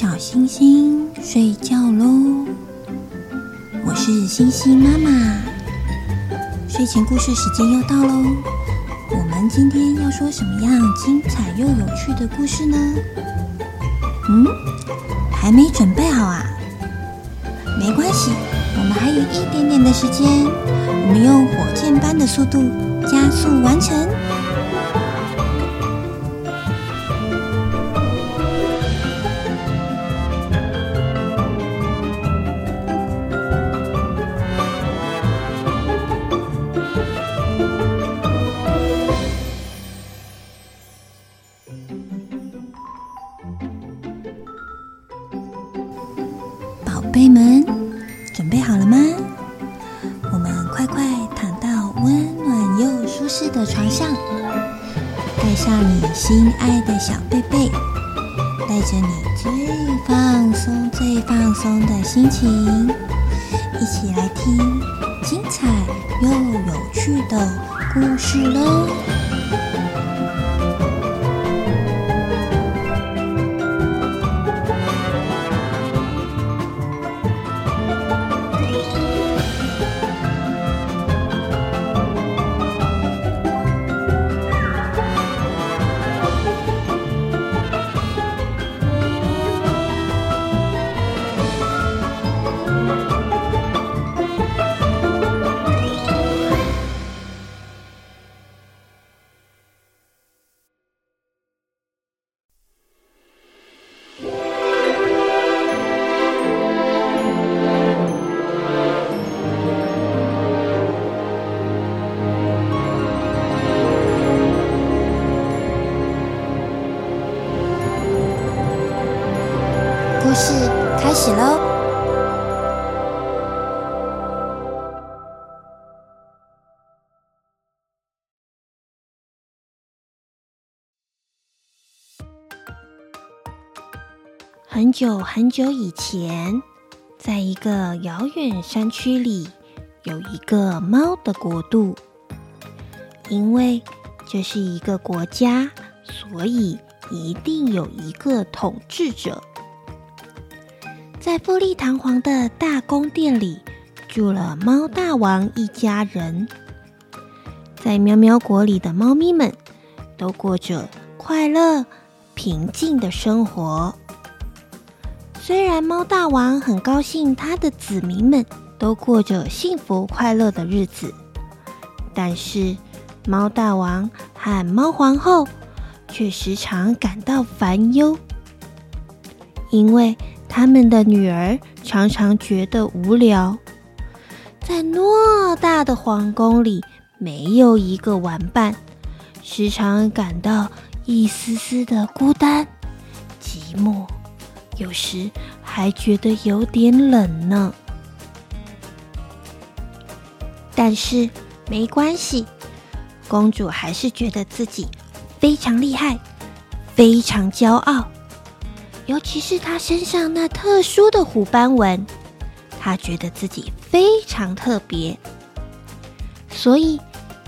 小星星睡覺嘍，我是星星媽媽。睡前故事時間又到嘍，我們今天要說什麼樣精彩又有趣的故事呢？嗯，還沒準備好啊。沒關係，我們還有一點點的時間，我們用火箭般的速度加速完成。故事呢？很久很久以前，在一個遙遠山區裡，有一個貓的國度。因為這是一個國家，所以一定有一個統治者。在富麗堂皇的大宮殿裡，住了貓大王一家人。在喵喵國裡的貓咪們，都過着快樂、平靜的生活。雖然貓大王很高興，他的子民們都過着幸福快樂的日子，但是貓大王和貓皇后卻時常感到煩憂，因為他們的女兒常常覺得無聊，在偌大的皇宮裡沒有一個玩伴，時常感到一絲絲的孤單、寂寞。有時還覺得有點冷呢，但是沒關係，公主還是覺得自己非常厲害，非常驕傲。尤其是她身上那特殊的虎斑紋，她覺得自己非常特別。所以，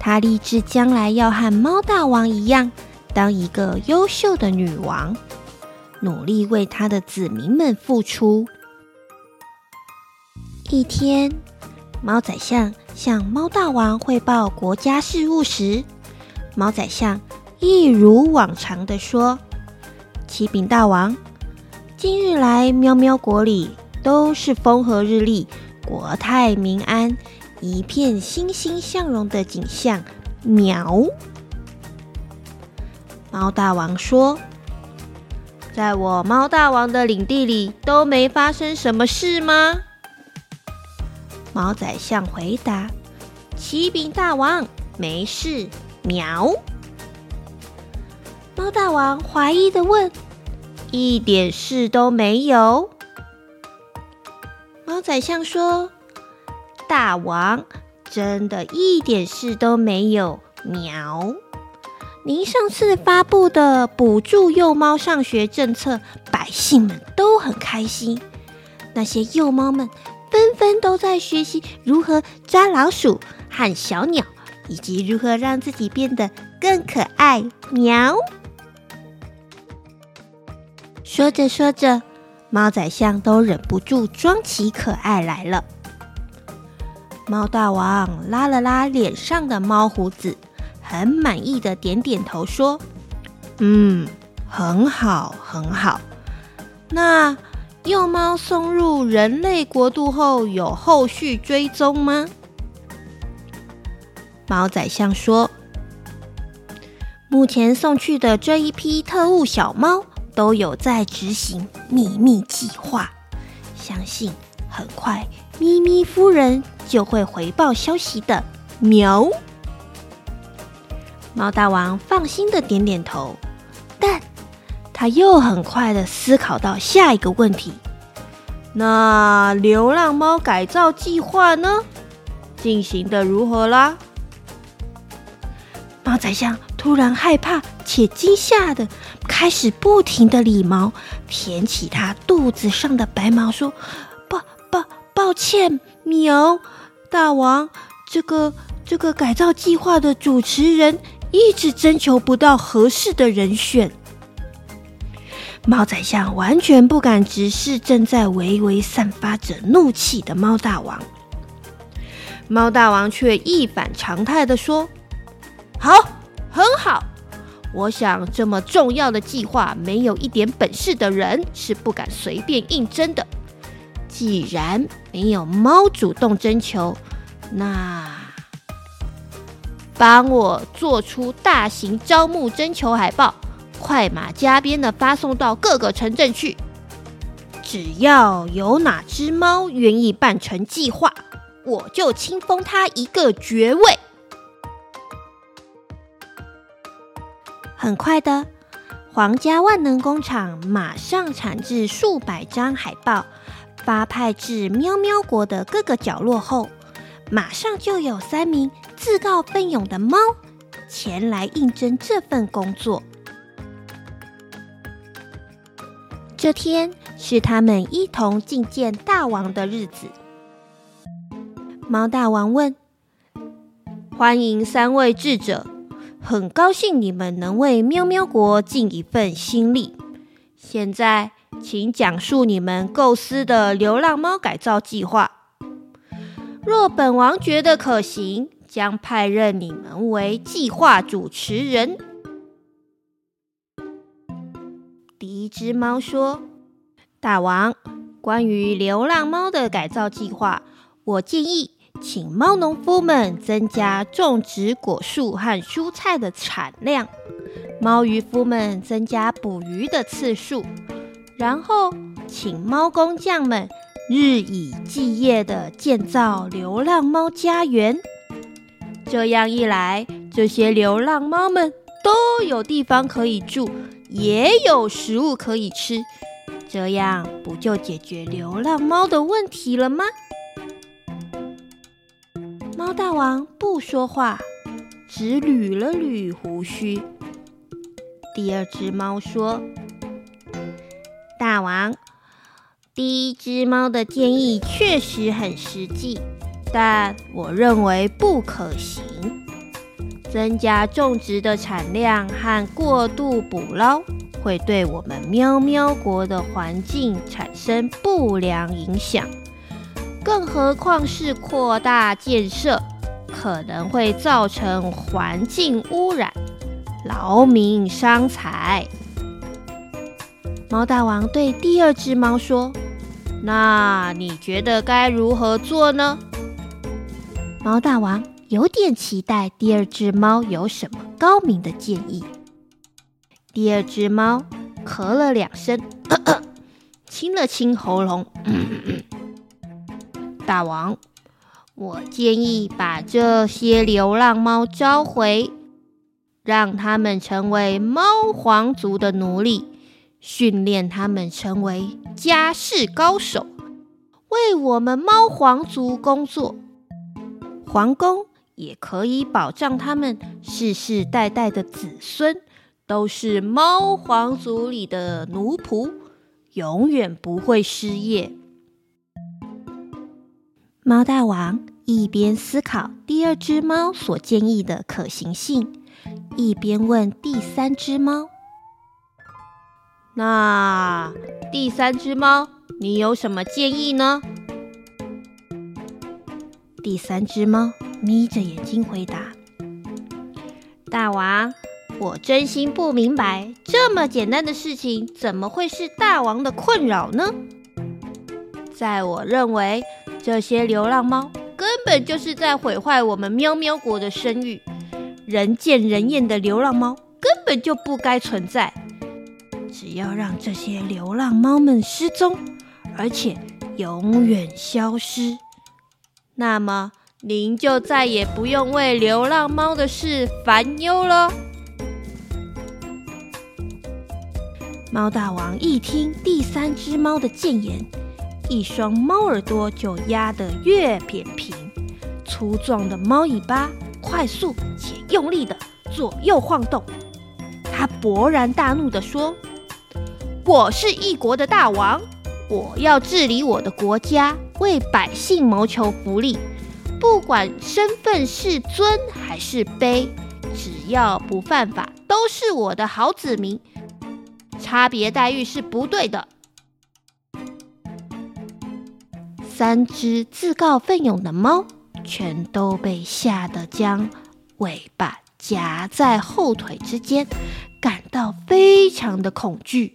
她立志將來要和貓大王一樣，當一個優秀的女王。努力為他的子民們付出。一天，貓宰相向貓大王匯報國家事務時，貓宰相一如往常的說：“啟稟大王，今日來喵喵國裡都是風和日麗，國泰民安，一片欣欣向榮的景象。”喵。貓大王說。在我貓大王的領地裡都沒發生什麼事嗎？貓宰相回答：“啟稟大王，沒事。”喵。貓大王懷疑地問：“一點事都沒有？”貓宰相說：“大王，真的一點事都沒有。”喵。您上次發布的補助幼貓上學政策，百姓們都很開心。那些幼貓們紛紛都在學習如何抓老鼠和小鳥，以及如何讓自己變得更可愛喵。說着說着，貓宰相都忍不住裝起可愛來了。貓大王拉了拉臉上的貓鬍子。很滿意的點點頭，說：“嗯，很好，很好。那幼貓送入人類國度後，有後續追蹤嗎？”貓宰相說：“目前送去的這一批特務小貓都有在執行秘密計劃，相信很快咪咪夫人就會回報消息的。”喵。貓大王放心的點點頭，但他又很快的思考到下一個問題：那流浪貓改造計劃呢？進行得如何啦？貓宰相突然害怕且驚嚇的開始不停的理毛，舔起他肚子上的白毛，說：“抱抱抱歉，喵大王，這個這個改造計劃的主持人。”一直徵求不到合適的人選，貓宰相完全不敢直視正在微微散發着怒氣的貓大王。貓大王卻一反常態地說：“好，很好，我想這麼重要的計劃，沒有一點本事的人是不敢隨便應徵的。既然沒有貓主動徵求，那……”幫我做出大型招募徵求海報，快馬加鞭的發送到各個城鎮去。只要有哪隻貓願意辦成計劃，我就親封他一個爵位。很快的，皇家萬能工廠馬上產製數百張海報，發派至喵喵國的各個角落後，馬上就有三名，自告奮勇的貓前來應徵這份工作。這天是他們一同覲見大王的日子。貓大王問：“歡迎三位智者，很高興你們能為喵喵國盡一份心力。現在，請講述你們構思的流浪貓改造計劃。若本王覺得可行。”將派任你們為計劃主持人。第一隻貓說：“大王，關於流浪貓的改造計劃，我建議請貓農夫們增加種植果樹和蔬菜的產量，貓漁夫們增加捕魚的次數，然後請貓工匠們日以繼夜地建造流浪貓家園。”這樣一來，這些流浪貓們都有地方可以住，也有食物可以吃，這樣不就解決流浪貓的問題了嗎？貓大王不說話，只捋了捋鬍鬚。第二只貓說：“大王，第一只貓的建議確實很實際。”但我認為不可行。增加種植的產量和過度捕撈會對我們喵喵國的環境產生不良影響，更何況是擴大建設，可能會造成環境污染，勞民傷財。貓大王對第二隻貓說：“那你覺得該如何做呢？”貓大王有點期待第二隻貓有什麼高明的建議。第二隻貓咳了兩聲，咳咳，清了清喉嚨，嗯嗯。大王，我建議把這些流浪貓召回，讓他們成為貓皇族的奴隸，訓練他們成為家事高手，為我們貓皇族工作。皇宮也可以保障他們世世代代的子孫都是貓皇族裡的奴僕，永遠不會失業。貓大王一邊思考第二只貓所建議的可行性，一邊問第三只貓：“那第三只貓，你有什麼建議呢？”第三只貓眯着眼睛回答：“大王，我真心不明白，這麼簡單的事情怎麼會是大王的困擾呢？在我認為，這些流浪貓根本就是在毀壞我們喵喵國的聲譽。人見人厭的流浪貓根本就不該存在。只要讓這些流浪貓們失蹤，而且永遠消失。”那麼，您就再也不用為流浪貓的事煩憂了。貓大王一聽第三隻貓的諫言，一雙貓耳朵就壓得越扁平，粗壯的貓尾巴快速且用力的左右晃動。他勃然大怒地說：“我是一國的大王，我要治理我的國家。”為百姓謀求福利，不管身份是尊還是卑，只要不犯法，都是我的好子民。差別待遇是不對的。三只自告奮勇的貓，全都被嚇得將尾巴夾在後腿之間，感到非常的恐懼。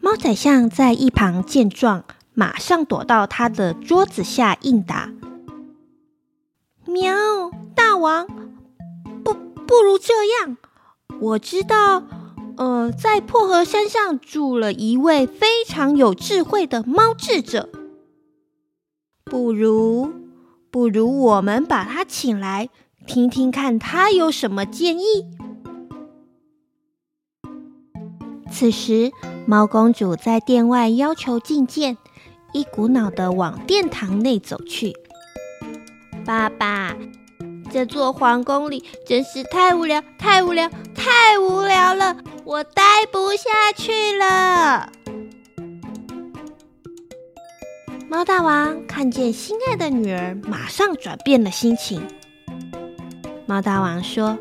貓宰相在一旁見狀。馬上躲到他的桌子下應答。喵，大王，不，不如這樣，我知道，呃，在薄荷山上住了一位非常有智慧的貓智者，不如，不如我們把他請來，聽聽看他有什麼建議。此時，貓公主在殿外要求覲見。一股腦的往殿堂內走去。爸爸，這座皇宮裡真是太無聊、太無聊、太無聊了，我待不下去了。貓大王看見心愛的女兒，馬上轉變了心情。貓大王說：“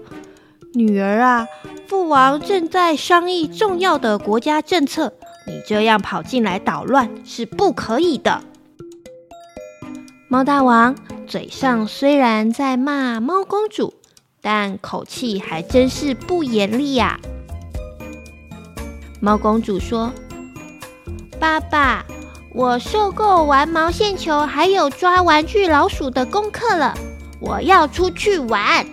女兒啊，父王正在商議重要的國家政策。”你這樣跑進來搗亂是不可以的。貓大王嘴上雖然在罵貓公主，但口氣還真是不嚴厲呀。貓公主說：“爸爸，我受夠玩毛線球還有抓玩具老鼠的功課了，我要出去玩。”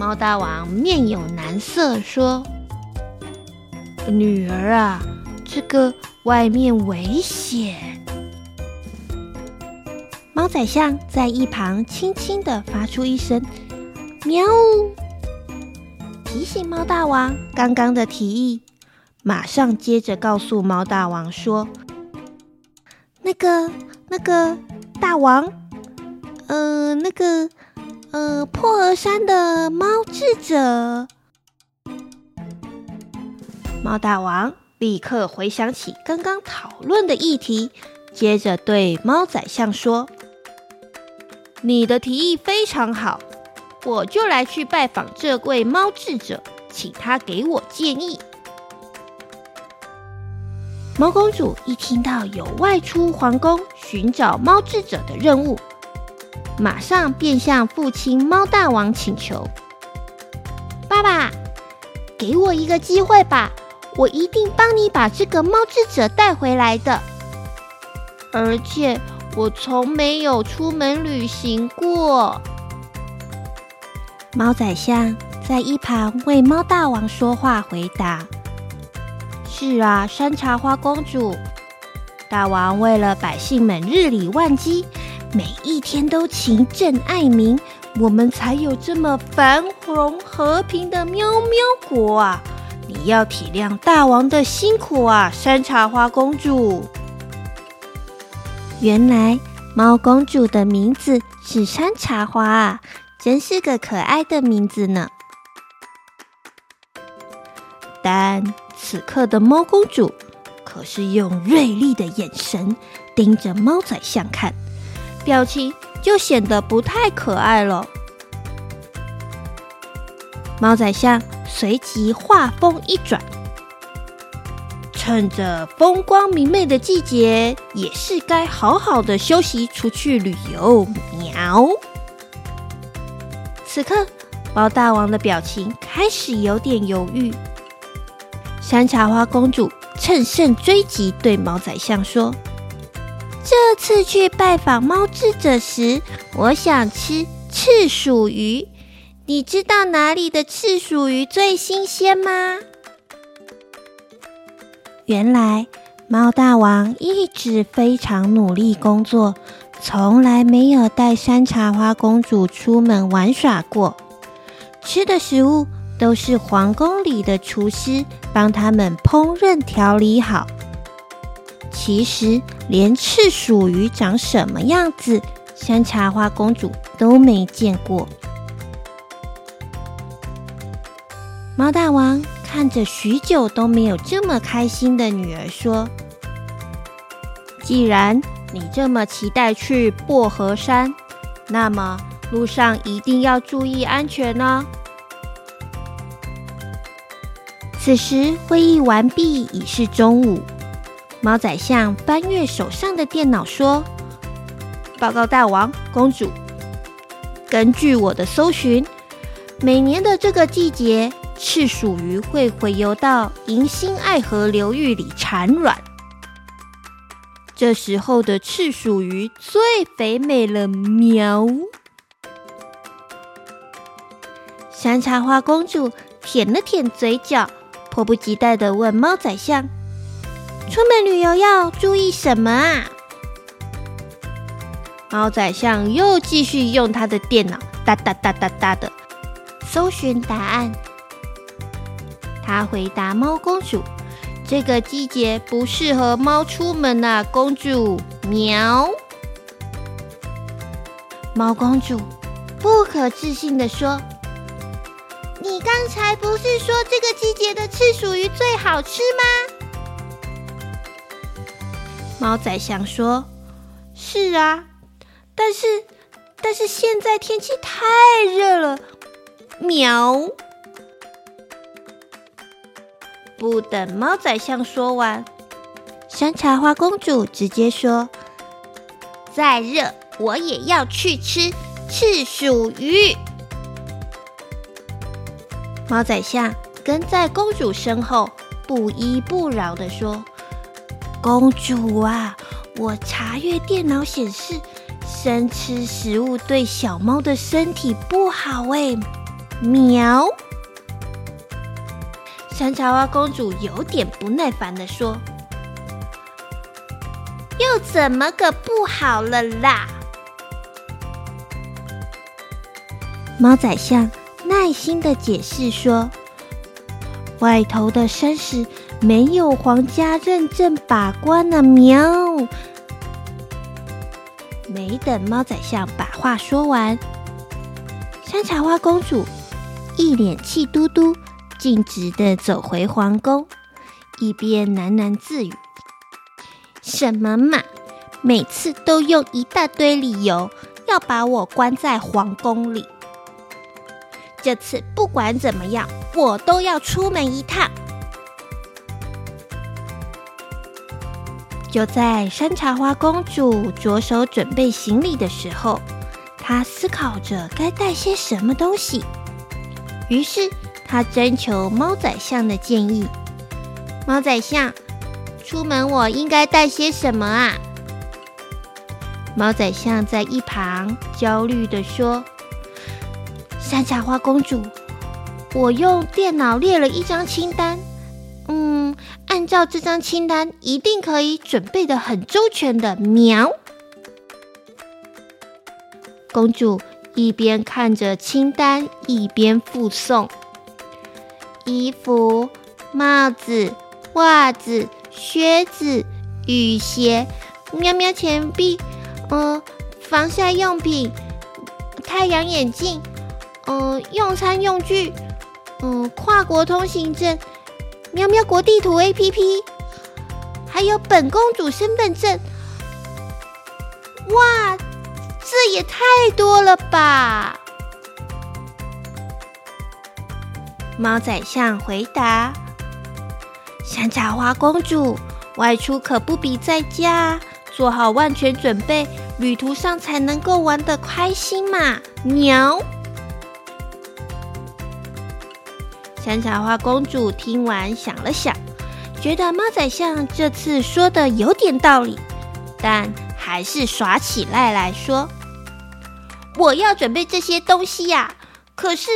貓大王面有難色說。女兒啊，這個外面危險。貓宰相在一旁輕輕的發出一聲“喵”，提醒貓大王剛剛的提議。馬上接着告訴貓大王說：“那個那個大王，呃，那個呃，破厄山的貓智者。”貓大王立刻回想起剛剛討論的議題，接着對貓宰相說：“你的提議非常好，我就來去拜訪這位貓智者，請他給我建議。”貓公主一聽到有外出皇宮尋找貓智者的任務，馬上便向父親貓大王請求：“爸爸，給我一個機會吧！”我一定幫你把這個貓智者帶回來的，而且我從沒有出門旅行過。貓宰相在一旁為貓大王說話回答：“是啊，山茶花公主，大王為了百姓們日理萬機，每一天都勤政愛民，我們才有這麼繁榮和平的喵喵國啊。”你要體諒大王的辛苦啊，山茶花公主。原來貓公主的名字是山茶花啊，真是個可愛的名字呢。但此刻的貓公主可是用銳利的眼神盯着貓宰相看，表情就顯得不太可愛了。貓宰相。隨即話鋒一轉，趁着風光明媚的季節，也是該好好的休息，出去旅遊。喵！此刻貓大王的表情開始有點猶豫。山茶花公主乘勝追擊，對貓宰相說：“這次去拜訪貓智者時，我想吃赤鼠魚。”你知道哪裡的赤鼠魚最新鮮嗎？原來貓大王一直非常努力工作，從來沒有帶山茶花公主出門玩耍過。吃的食物都是皇宮裡的廚師幫他們烹飪調理好。其實，連赤鼠魚長什麼樣子，山茶花公主都沒見過。貓大王看着許久都沒有這麼開心的女兒說：“既然你這麼期待去薄荷山，那麼路上一定要注意安全哦。”此時會議完畢，已是中午。貓宰相翻閱手上的電腦說：“報告大王，公主，根據我的搜尋，每年的這個季節……”赤鼠魚會回游到迎新愛河流域裡產卵，這時候的赤鼠魚最肥美了。喵！山茶花公主舔了舔嘴角，迫不及待的問貓宰相：“出門旅遊要注意什麼啊？”貓宰相又繼續用他的電腦，噠噠噠噠噠的搜尋答案。他回答貓公主：“這個季節不適合貓出門啊，公主。”喵。貓公主不可置信地說：“你剛才不是說這個季節的刺鼠魚最好吃嗎？”貓宰相說：“是啊，但是，但是現在天氣太熱了。”喵。不等貓宰相說完，山茶花公主直接說：“再熱我也要去吃赤鼠魚。”貓宰相跟在公主身後，不依不饒地說：“公主啊，我查閱電腦顯示，生吃食物對小貓的身體不好。”哎，喵。山茶花公主有點不耐煩的說：“又怎麼個不好了啦？”貓宰相耐心的解釋說：“外頭的山石沒有皇家認證把關了喵。”沒等貓宰相把話說完，山茶花公主一臉氣嘟嘟。徑直的走回皇宮，一邊喃喃自語：“什麼嘛，每次都用一大堆理由要把我關在皇宮裡。這次不管怎麼樣，我都要出門一趟。”就在山茶花公主着手準備行李的時候，她思考着該帶些什麼東西，於是。他徵求貓宰相的建議。貓宰相，出門我應該帶些什麼啊？貓宰相在一旁焦慮地說：“山茶花公主，我用電腦列了一張清單。嗯，按照這張清單，一定可以準備得很周全的。”喵。公主一邊看着清單，一邊複誦。衣服、帽子、襪子、靴子、雨鞋、喵喵錢幣、嗯、呃，防曬用品、太陽眼鏡、嗯、呃，用餐用具、嗯、呃、跨國通行證、喵喵國地圖 APP，還有本公主身份證。哇，這也太多了吧！貓宰相回答：“山茶花公主外出可不比在家，做好萬全準備，旅途上才能夠玩得開心嘛。”喵。山茶花公主聽完想了想，覺得貓宰相這次說的有點道理，但還是耍起賴來，來說：“我要準備這些東西呀、啊，可是。”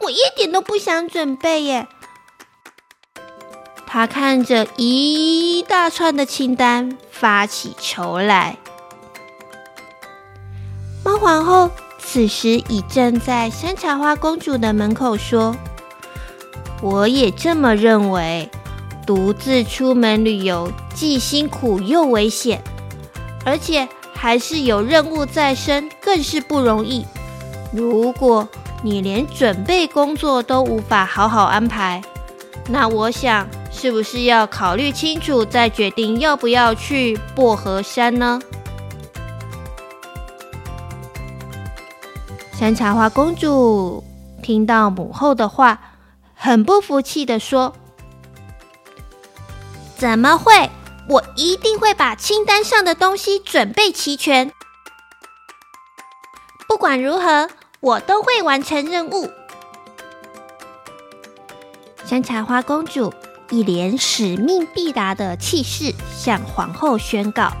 我一點都不想準備耶。她看着一大串的清單，發起愁來。貓皇后此時已站在山茶花公主的門口，說：“我也這麼認為。獨自出門旅遊既辛苦又危險，而且還是有任務在身，更是不容易。如果……”你連準備工作都無法好好安排，那我想是不是要考慮清楚再決定要不要去薄荷山呢？山茶花公主聽到母後的話，很不服氣的說：“怎麼會？我一定會把清單上的東西準備齊全。不管如何。”我都會完成任務。山茶花公主一臉使命必達的氣勢向皇后宣告，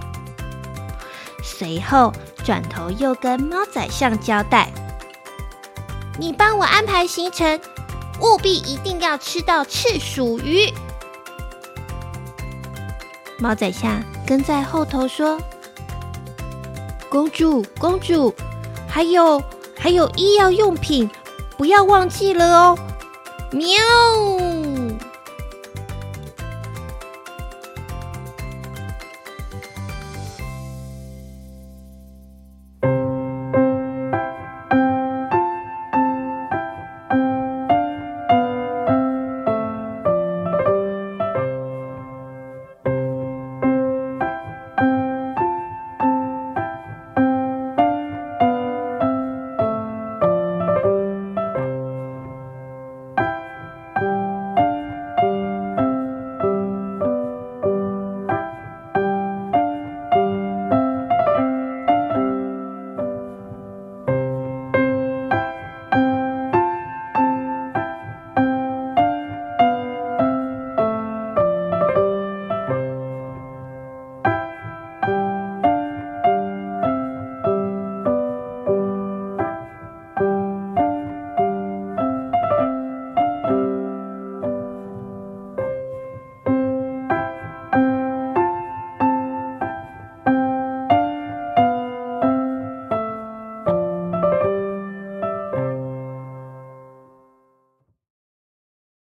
隨後轉頭又跟貓宰相交代：“你幫我安排行程，務必一定要吃到赤鼠魚。”貓宰相跟在後頭說：“公主，公主，還有……”還有醫藥用品，不要忘記了哦！喵。